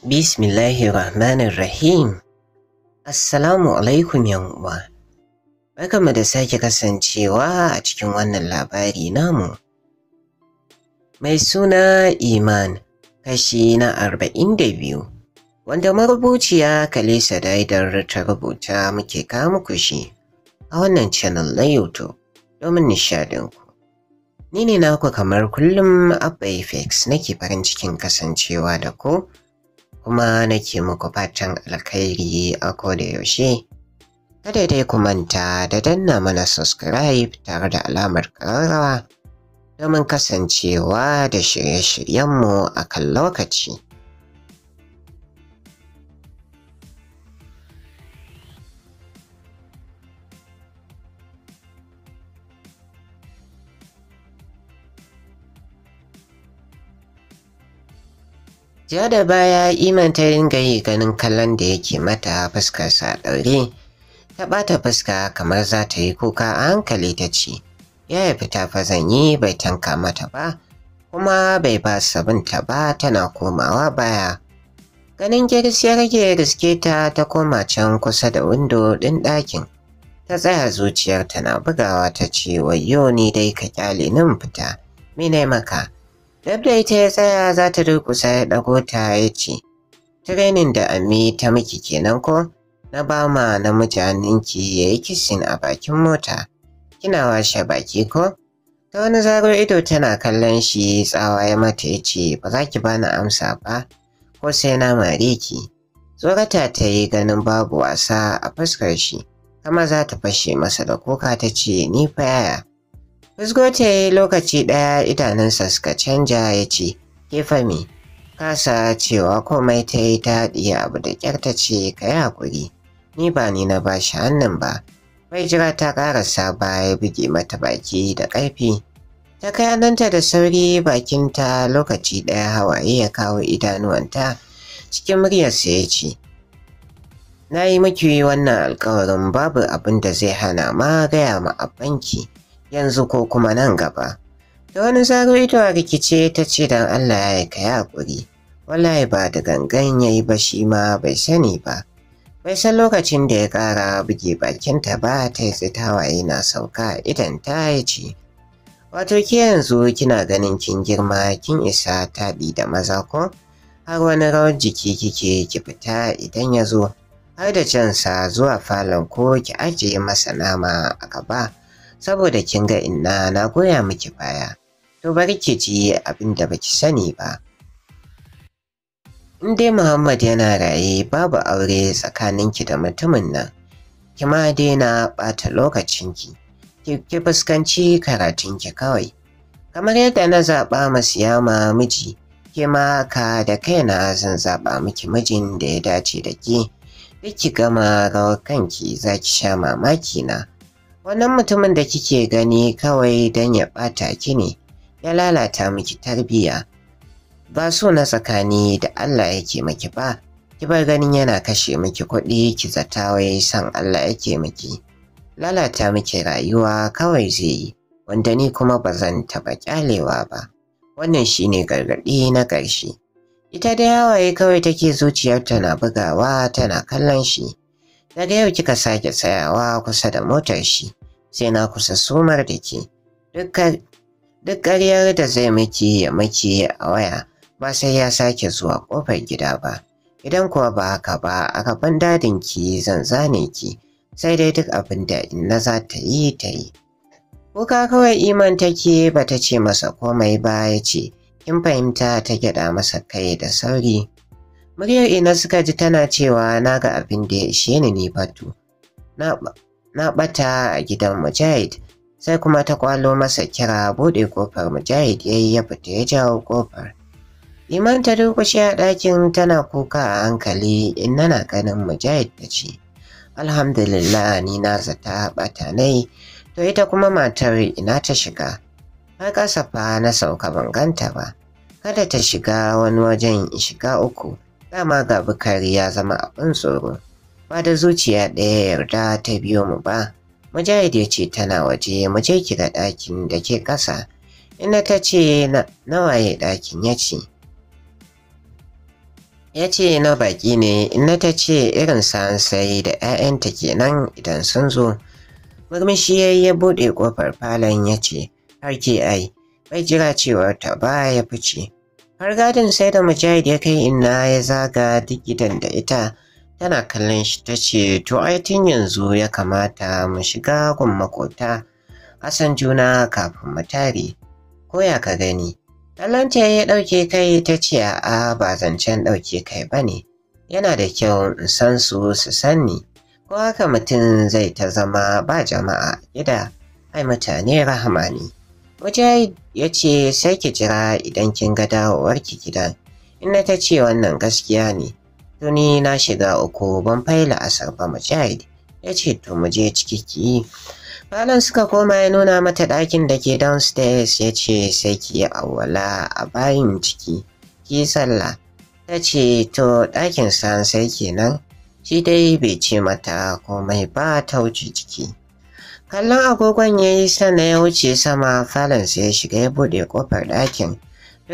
Bismillahirrahmanirrahim. Assalamu alaikum uwa. Barkanmu da sake kasancewa a cikin wannan labari namu. Mai suna Iman, kashi na arba'in da biyu, wanda marubuciya Kalisa Daidar ta rubuta muke kawo muku shi a wannan channel na YouTube domin nishadinku. Ni ne naku kamar kullum Abba nake farin cikin kasancewa da ku. kuma nake muku fatan alkhairi a koda yaushe. Kada dai ku manta da danna mana subscribe tare da alamar ƙararrawa domin kasancewa da shirye-shiryenmu a kan lokaci. Ja da baya iman ta ringa yi ganin kallon da yake mata fuskarsa ɗaure. Ta ɓata fuska kamar za ta yi kuka a hankali ta ce, ya fita fa zan yi bai tanka mata ba, kuma bai ba sabunta ba tana komawa baya. Ganin girs ya rage riske ta ta koma can kusa da windo ɗin ɗakin. Ta tsaya zuciyar tana bugawa ta ce wayo ni dai ka kyale nan fita, mene maka? Dabda ita ya tsaya za ta durƙusa ya ɗago ta ya ce, Tirenin da Ami ta miki kenan ko? Na ba ma namiji ki ya yi kisin a bakin mota. Kina washe baki ko? Ta wani zarar ido tana kallon shi tsawa ya mata ya ce, Ba za ki bani amsa ba, ko sai na mare ki. Tsorata ta yi ganin babu wasa a fuskar shi, kama za ta fashe masa da kuka ta ce, Ni fa yaya. Fuskoce lokaci ɗaya idanunsa suka canja ya ce, Kefa me, kasa cewa komai ta yi ta ɗiya abu da ƙyar ce ka yi haƙuri, ni ba ni na ba shi hannun ba. Bai jira ta ƙarasa ba ya buge mata baki da ƙarfi. Ta kai hannunta da sauri bakinta lokaci ɗaya hawaye ya kawo idanuwanta cikin muryarsa ya ce, Na yi miki wannan alkawarin babu abin da zai hana ma gaya ma a banki. yanzu ko kuma nan gaba. Da wani zaro ido a rikice ta ce don Allah ya ka yaƙuri, wallahi ba da gangan ya yi ba shi ma bai sani ba. Bai san lokacin da ya ƙara buge bakinta ba ta yi tawaye na sauka idan ta ya ce, Wato ki yanzu kina ganin kin girma kin isa taɗi da maza ko? Har wani rawar jiki kike ki fita idan ya zo, har da cansa zuwa falon ko ki ajiye masa nama a gaba. saboda kin ga inna na goya miki baya to bari ki ji abin da baki sani ba in dai Muhammad yana raye babu aure tsakaninki da mutumin nan ki ma daina ɓata lokacinki ki fuskanci karatunki kawai kamar yadda na zaɓa masiyama miji ke ma ka da kaina zan zaɓa miki mijin da ya dace da ki, duk ki gama rawar kanki za ki sha mamaki na Wannan mutumin da kike gani kawai don ya ɓata ki ne, ya lalata miki tarbiyya. Ba so na tsakani da Allah yake miki ba, ki bar ganin yana kashe miki kuɗi ki zata wai san Allah yake miki. Lalata miki rayuwa kawai zai yi, wanda ni kuma ba zan taɓa ƙyalewa ba. Wannan shi ne gargaɗi na ƙarshe. Ita da yawaye kawai take zuciyarta na bugawa tana kallon shi. Daga yau kika sake tsayawa kusa da motar shi, sai na kusa sumar da ke. Duk ƙaryar da zai miki ya miki a waya ba sai ya sake zuwa ƙofar gida ba. Idan kuwa ba haka ba a gaban dadin ki zan zane ki, sai dai duk abin da na za ta yi ta yi. Kuka kawai iman take ba ta ce masa komai ba ya ce, kin fahimta ta gyaɗa masa kai da sauri. Muryar ina suka ji tana cewa na ga abin da ya ishe ni ne batu. Na ɓata a gidan Mujahid, sai kuma ta kwalo masa kira bude kofar Mujahid ya yi ya fita ya jawo kofar Iman ta durkushe a ɗakin tana kuka a hankali in nana ganin Mujahid ta ce, Alhamdulillah ni na zata ɓata nai, to ita kuma matar ina ta shiga. Har ƙasa fa na sauka ban ganta ba, kada ta shiga wani wajen shiga uku. dama ga bukari ya zama abin tsoro ba da zuciya ɗaya yarda ta biyo mu ba mujahid ya ce tana waje mu je kira ɗakin da ke ƙasa ina ta ce nawaye ɗakin ya ce ya ce na baƙi ne ina ta ce irin sa'an sai da 'ya'yanta kenan idan sun zo murmushi ya yi ya buɗe ƙofar falon ya ce har ke ai bai jira cewar ta ba ya fice har gadin sai da mujahid ya kai inna ya zaga digidan da ita tana kallon shi ta ce to ai tun yanzu ya kamata mu shiga gun makota hasan juna kafin mu tare ko ya ka gani Talanta ya ɗauke kai ta ce a'a ba zancen ɗauke kai ba ne yana da kyau in san su su sanni ko haka mutum zai ta zama ba jama'a gida ai mutane rahama ne Mujahid ya ce sai ki jira idan kin ga dawowarki gida. Inna ta ce wannan gaskiya ne. Tuni na shiga uku ban faila asar ba Mujahid. Ya ce to mu je ciki ki. Falon suka koma ya nuna mata ɗakin da ke downstairs ya ce sai ki yi awwala a bayin ciki. Ki sallah. Ta ce to ɗakin san sai kenan. Shi dai bai ce mata komai ba ta wuce ciki. Kallon agogon ya yi sana ya wuce sama falansa ya shiga ya buɗe ƙofar ɗakin.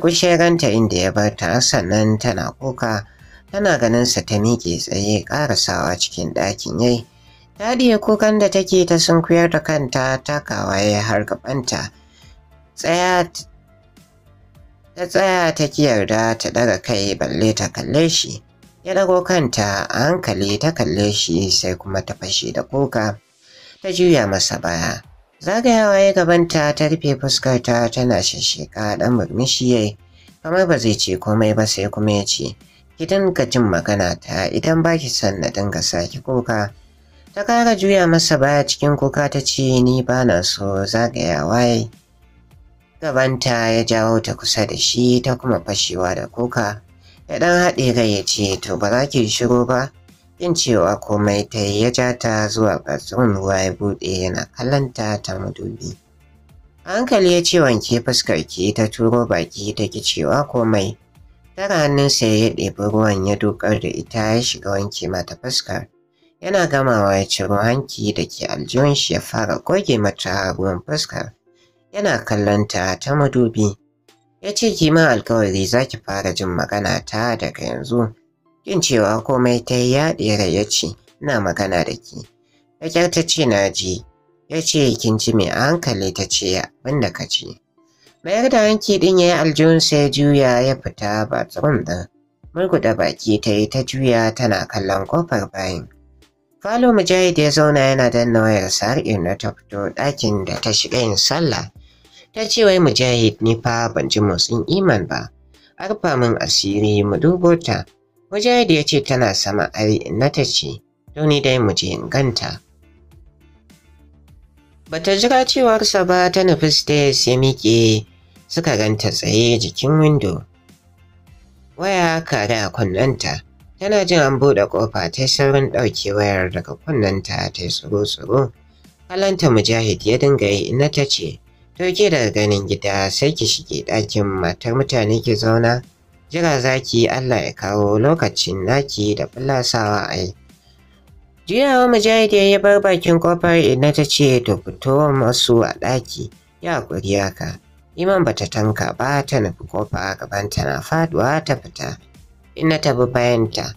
kushe ranta inda ya bar ta sannan tana kuka tana ganinsa ta miƙe tsaye ƙarasawa cikin ɗakin yayi. Ta diya kukan da take ta sunkuyar da kanta ta kawaye har gabanta. Tsaya ta tsaya ta ki yarda ta ɗaga kai balle ta kalle shi. Ya ɗago kanta a hankali ta kalle shi sai kuma ta fashe da kuka. ta juya masa baya. Zagayawa ya gabanta ta rufe fuskarta tana shisheka ɗan murmushi yayi. Kamar ba zai ce komai ba sai kuma ya ce, ki dinga jin magana ta idan ba ki son na dinga saki kuka. Ta kara juya masa baya cikin kuka ta ce ni ba na so zagayawa yayi. Gabanta ya jawo ta kusa da shi ta kuma fashewa da kuka. Ya ɗan haɗe rai ya ce to ba za ki shiru ba. Ƙin cewa komai ta yi ya ja ta zuwa ƙasan ruwa ya buɗe yana kallanta ta madubi. hankali ya ce wanke fuskar ki ta turo baki ta ki cewa komai. Tara hannunsa ya ɗebi ruwan ya dokar da ita ya shiga wanke mata fuskar. Yana gamawa ya ciro hanki da ke aljihun shi ya fara goge mata ruwan fuskar. Yana kallonta ta madubi. Ya ce ki alkawari za ki fara jin magana ta daga yanzu. Kin cewa komai ta yi ya ɗera ya ce ina magana da ke. da kyar ta ce na ji ya ce kin ji mai a hankali ta ce abinda ka ce mayar da hanki ɗin ya yi aljihunsa ya juya ya fita ba ɗin murguɗa baki ta yi ta juya tana kallon kofar bayan falo mujahid ya zauna yana danna wayarsa har irna ta fito ɗakin da ta shiga yin sallah ta ce wai mujahid ni fa ban ji motsin iman ba arfa min asiri mu dubo ta Mujahid ya ce tana sama ari na ta ce, ni dai mu je ganta. Bata jira cewarsa ba ta nufi stairs ya miƙe suka ganta tsaye jikin windo. Waya kare a kunnanta, tana jin an buɗe ƙofa ta saurin ɗauke wayar daga kunnanta ta yi tsoro-tsoro. Kalanta Mujahid ya dinga yi na ta ce, To ke daga ganin gida sai ki shige ɗakin matar mutane ki zauna. jira zaki Allah ya kawo lokacin naki da fulasawa ai. wa mujahid ya bar bakin kofar ina ta ce to fito masu a ɗaki ya kuri haka. Iman bata tanka ba ta nufi kofa ta na faduwa ta fita. Ina ta bi bayanta.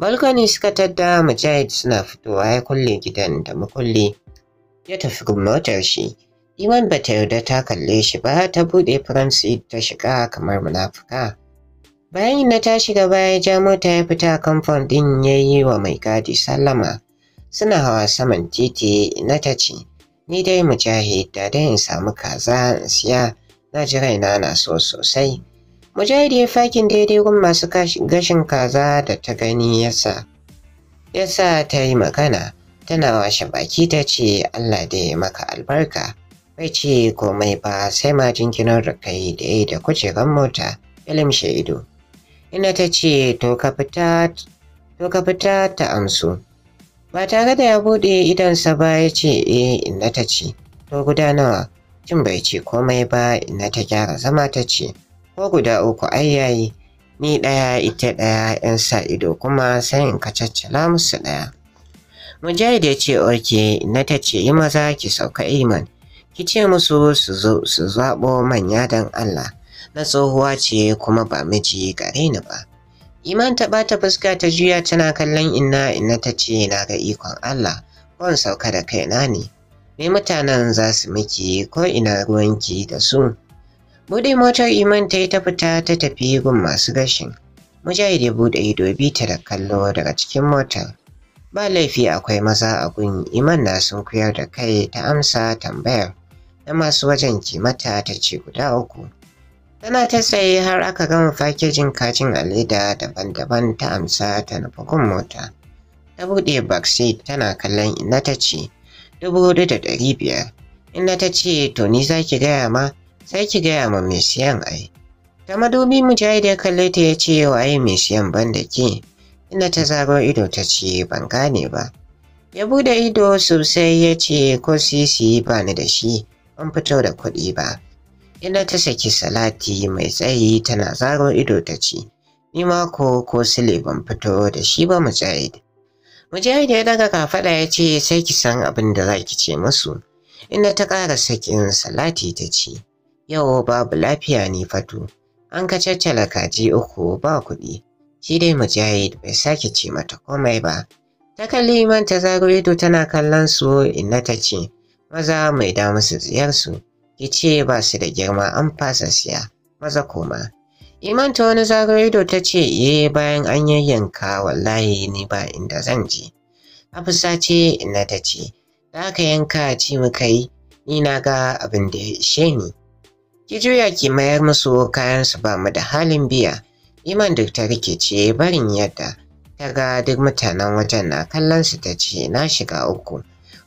Balkoni suka tadda mujahid suna fitowa ya kulle gidan da mukulli ya tafi motar shi. Iman bata yarda ta kalle shi ba ta buɗe faransi ta shiga kamar munafuka. Bayan na ta shiga baya ya ja mota ya fita kamfan ɗin ya yi wa mai gadi sallama. Suna hawa saman titi na ta ce, Ni dai Mujahid da dai in samu kaza in siya na ji raina na so sosai. Mujahid ya fakin daidai gun masu gashin kaza da ta gani yasa. Yasa ta yi magana, tana washe baki ta ce Allah dai maka albarka. Bai ce komai ba sai ma jinkinar da kai da da kujerar mota, ilim shaidu. Ina ta ce to ka fita ta amsu. Ba tare da ya buɗe idonsa ba ya ce eh ina ta ce to guda nawa cin bai ce komai ba ina ta gyara zama ta ce ko guda uku ai ni ɗaya ita ɗaya yan sa ido kuma sai in musu ɗaya. Mujahid ya ce oke ina ta ce yi maza ki sauka iman ki ce musu su zaɓo manya don Allah na tsohuwa ce kuma ba miji gare ni ba. Iman ta bata fuska ta juya tana kallon inna inna ta ce na ga ikon Allah ban sauka da kaina ne. Me mutanen za su miki ko ina ruwanki da su. Buɗe motar Iman ta yi ta fita ta tafi gun masu gashin. Mujahid ya buɗe ido bi ta da kallo daga cikin motar. Ba laifi akwai maza a gun Iman na sunkuyar da kai ta amsa tambayar. Na masu wajen kimata ta ce guda uku. Tana ta tsaye har aka gama fakejin kajin a leda daban-daban ta amsa ta nufi gun mota. Ta buɗe baksi tana kallon ina ta ce dubu hudu da ɗari biyar. Ina ta ce to ni za ki gaya ma sai ki gaya ma mai siyan ai. Ta madubi mujahid ya kalle ta ya ce waye mai siyan ban da ke. Ina ta zaro ido ta ce ban gane ba. Ya buɗe ido sosai ya ce ko sisi ba ni da shi ban fito da kuɗi ba. Ina ta saki salati mai tsayi tana zaro ido ta ci, Ni mako ko sile ban fito da shi ba Mujahid. Mujahid ya daga kafaɗa ya ce sai ki san abin da za ki ce musu. Ina ta ƙara sakin salati ta ci, Yau babu lafiya ni fato, an ka caccala kaji uku ba kuɗi. Shi dai Mujahid bai sake ce mata komai ba. Ta kalli man ta zaro ido tana kallon su ina ta ce, Maza mai da musu ziyarsu. ya ce ba su da girma an fasa siya maza koma iman ta wani zagayo ido ta ce ye eh, bayan an yayyanka wallahi ni ba inda zan je hafisa ce na ta ce za ka yanka ci muka yi ni na ga abin da ya ishe ni ki juya ki mayar musu kayan su ba mu da halin biya iman duk ta rikice barin yadda ta ga duk mutanen wajen na kallon su ta ce na shiga uku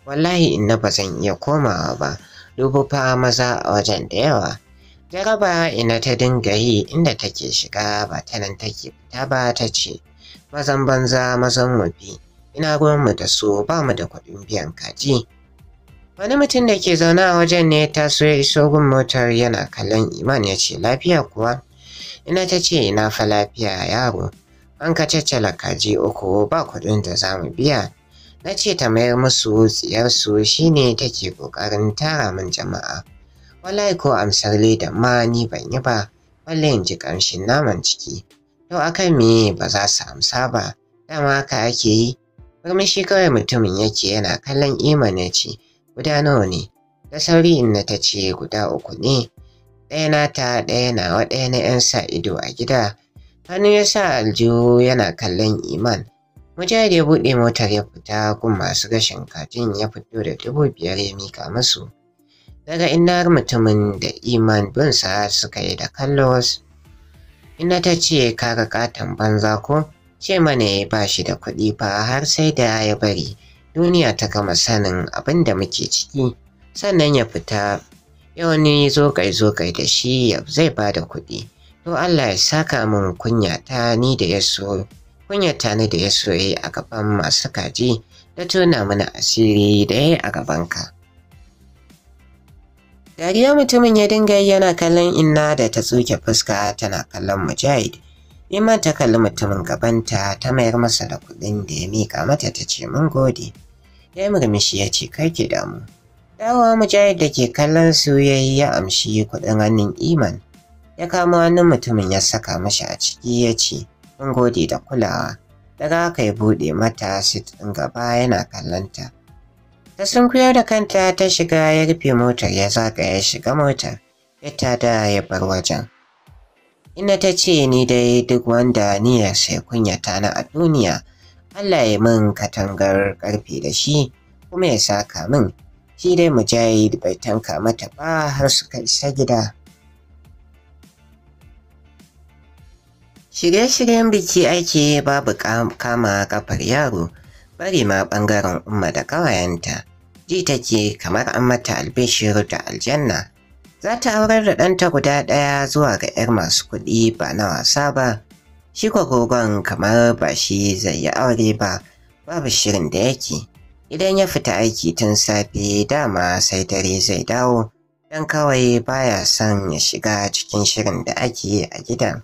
wallahi inna ba zan iya komawa ba dubu fa maza a wajen da yawa jaraba ina ta dinga yi inda take shiga ba ta nan take fita ba ta ce mazan banza mazan mafi ina mu da su ba mu da kuɗin biyan kaji wani mutum da ke zaune a wajen ne ta so ya iso gun motar yana kallon iman ya ce lafiya kuwa ina ta ce ina fa lafiya yaro an ka caccala kaji uku ba kuɗin da za mu biya na ce ta mayar musu tsiyarsu shine take ƙoƙarin tara min jama'a wallahi ko amsar leda ma ni ban yi ba balle in ji ƙamshin naman ciki to akan me ba za su amsa ba dama haka ake yi shi kawai mutumin yake yana kallon imana ce guda nawa ne da sauri in na ta ce guda uku ne ɗaya na ta ɗaya nawa ɗaya na 'yan sa ido a gida hannu ya sa aljihu yana kallon iman Mujahid ya buɗe motar ya fita kun masu gashin kajin ya fito da dubu biyar ya mika musu. Daga ina mutumin da Iman binsa suka yi da Carlos. Ina ta ce ga katon banza ko ce mana ya ba shi da kuɗi fa har sai da ya bari duniya ta gama sanin abin da muke ciki sannan ya fita ya wani zokai zokai da shi zai ba da kuɗi. To Allah ya saka min kunya ta ni da ya so kunyar tani da ya soye a gaban masu kaji da tona mana asiri da ya yi a gabanka. Dariya mutumin ya dinga yana kallon inna da ta tsuke fuska tana kallon mujahid. Iman ta kalli mutumin gabanta ta mayar masa da kuɗin da ya mika mata ta ce mun gode. Ya yi murmushi ya ce kai ki damu. Dawa mujahid da ke kallon su ya yi ya amshi kuɗin hannun Iman. Ya kama hannun mutumin ya saka mashi a ciki ya ce sun gode da kulawa daga aka yi buɗe mata sit ɗin gaba yana kallonta ta sunkuyar da kanta ta shiga ya rufe motar ya ya shiga motar ya da ya bar wajen ina ta ce ni dai duk wanda niyyar sai kunyata na a duniya Allah ya min katangar ƙarfe da shi kuma ya saka min shi dai mujahid bai tanka mata ba har suka isa gida Shirye-shiryen biki ake babu kama kafar yaro, bari ma ɓangaren umma da ƙawayenta. Ji take kamar an mata albishir da aljanna. Za ta aurar da ɗanta guda ɗaya zuwa ga 'yar masu kuɗi ba na wasa ba. Shi gogon kamar ba shi zai yi aure ba, babu shirin da yake. Idan ya fita aiki tun safe dama sai dare zai dawo, don kawai baya son ya shiga cikin shirin da ake yi a gidan.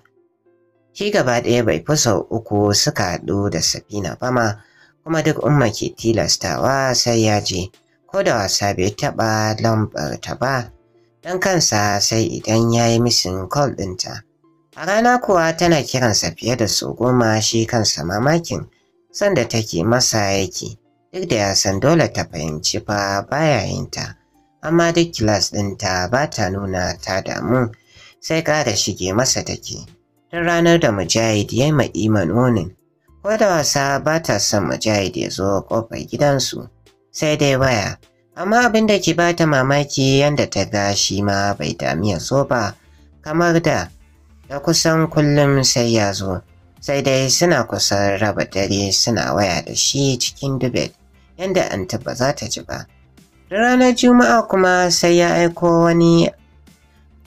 ke gaba ɗaya bai fi sau uku suka haɗu da Safina ba ma, kuma duk umma ke tilastawa sai ya je, ko da wasa bai taɓa lambar ta ba, don kansa sai idan ya yi misin kol ɗinta. A rana kuwa tana kiransa fiye da su goma shi kansa mamakin, sanda take masa yake, duk da ya san dole ta fahimci fa baya ta, amma duk kilas ɗinta ba ta nuna ta damu, sai ƙara shige masa take. tun ranar da Mujahid ya yi ma Iman Ko da wasa ba ta son Mujahid ya zo kofar gidansu, sai dai waya. Amma abin da ke bata mamaki yadda ta ga shi ma bai dami ya zo ba, kamar da da kusan kullum sai ya zo. Sai dai suna kusan raba dare suna waya da shi cikin dubet, yadda an ba za ta ji ba. Ranar Juma'a kuma sai ya aiko wani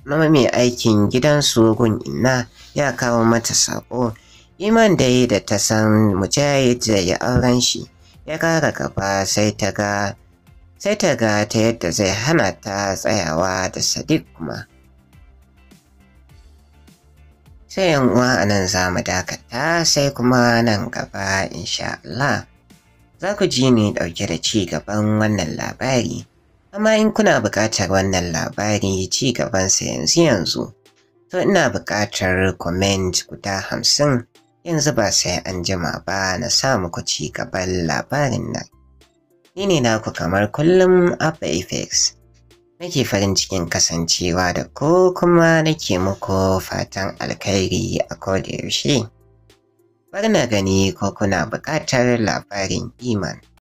mai aikin gidansu gun inna ya kawo mata saƙo iman da yi da ta san mujahid ya yi auren shi ya kara gaba sai ta ga ta yadda zai hana ta tsayawa da sadiq kuma sai yan uwa a nan za mu dakata sai kuma nan gaba insha Allah za ku ji ni ɗauke da ci gaban wannan labari amma in kuna buƙatar wannan labari ci gabansa yanzu yanzu to ina buƙatar comment guda hamsin yanzu ba sai an jima ba na sa muku ci gaban labarin nan. Ni ne naku kamar kullum Abba Apex. Nake farin cikin kasancewa da ko kuma nake muku fatan alkhairi a kodayaushe. Bar na gani ko kuna buƙatar labarin Iman.